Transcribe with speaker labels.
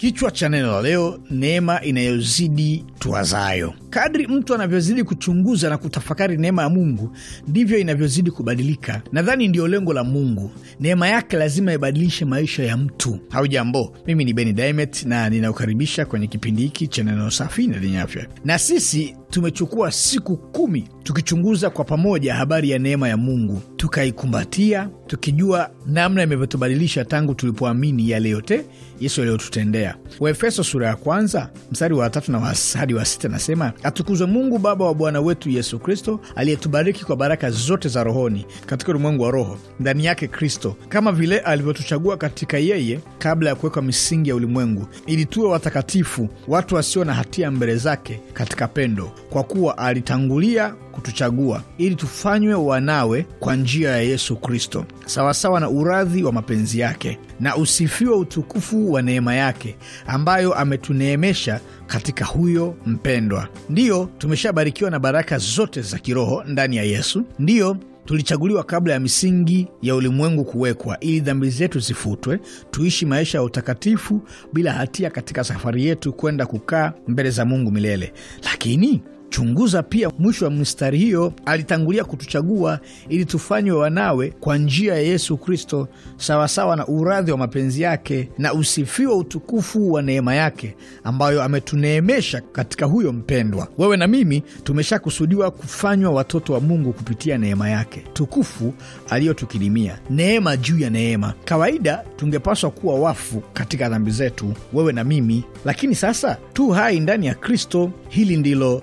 Speaker 1: Kichwa cha neno la leo, neema inayozidi tuwazayo. Kadri mtu anavyozidi kuchunguza na kutafakari neema ya Mungu ndivyo inavyozidi kubadilika. Nadhani ndiyo lengo la Mungu. Neema yake lazima ibadilishe maisha ya mtu. jambo mimi ni Beni Dimet na ninakukaribisha kwenye kipindi hiki cha neno safi na lenye afya. Na sisi tumechukua siku kumi tukichunguza kwa pamoja habari ya neema ya Mungu, tukaikumbatia tukijua namna imevyotubadilisha tangu tulipoamini yale yote Yesu aliyotutendea. Waefeso sura ya kwanza mstari wa tatu na wa hadi wa sita nasema, atukuzwe Mungu Baba wa Bwana wetu Yesu Kristo, aliyetubariki kwa baraka zote za rohoni katika ulimwengu wa roho ndani yake Kristo, kama vile alivyotuchagua katika yeye kabla ya kuwekwa misingi ya ulimwengu, ili tuwe watakatifu, watu wasio na hatia mbele zake katika pendo, kwa kuwa alitangulia kutuchagua ili tufanywe wanawe kwa njia ya Yesu Kristo, sawasawa na uradhi wa mapenzi yake, na usifiwa utukufu wa neema yake ambayo ametuneemesha katika huyo mpendwa. Ndiyo tumeshabarikiwa na baraka zote za kiroho ndani ya Yesu. Ndiyo tulichaguliwa kabla ya misingi ya ulimwengu kuwekwa, ili dhambi zetu zifutwe, tuishi maisha ya utakatifu bila hatia katika safari yetu kwenda kukaa mbele za Mungu milele. Lakini Chunguza pia mwisho wa mistari hiyo, alitangulia kutuchagua ili tufanywe wanawe kwa njia ya Yesu Kristo, sawasawa na uradhi wa mapenzi yake, na usifiwa utukufu wa neema yake ambayo ametuneemesha katika huyo mpendwa. Wewe na mimi tumeshakusudiwa kufanywa watoto wa Mungu kupitia neema yake tukufu aliyotukirimia, neema juu ya neema. Kawaida tungepaswa kuwa wafu katika dhambi zetu, wewe na mimi, lakini sasa tu hai ndani ya Kristo. Hili ndilo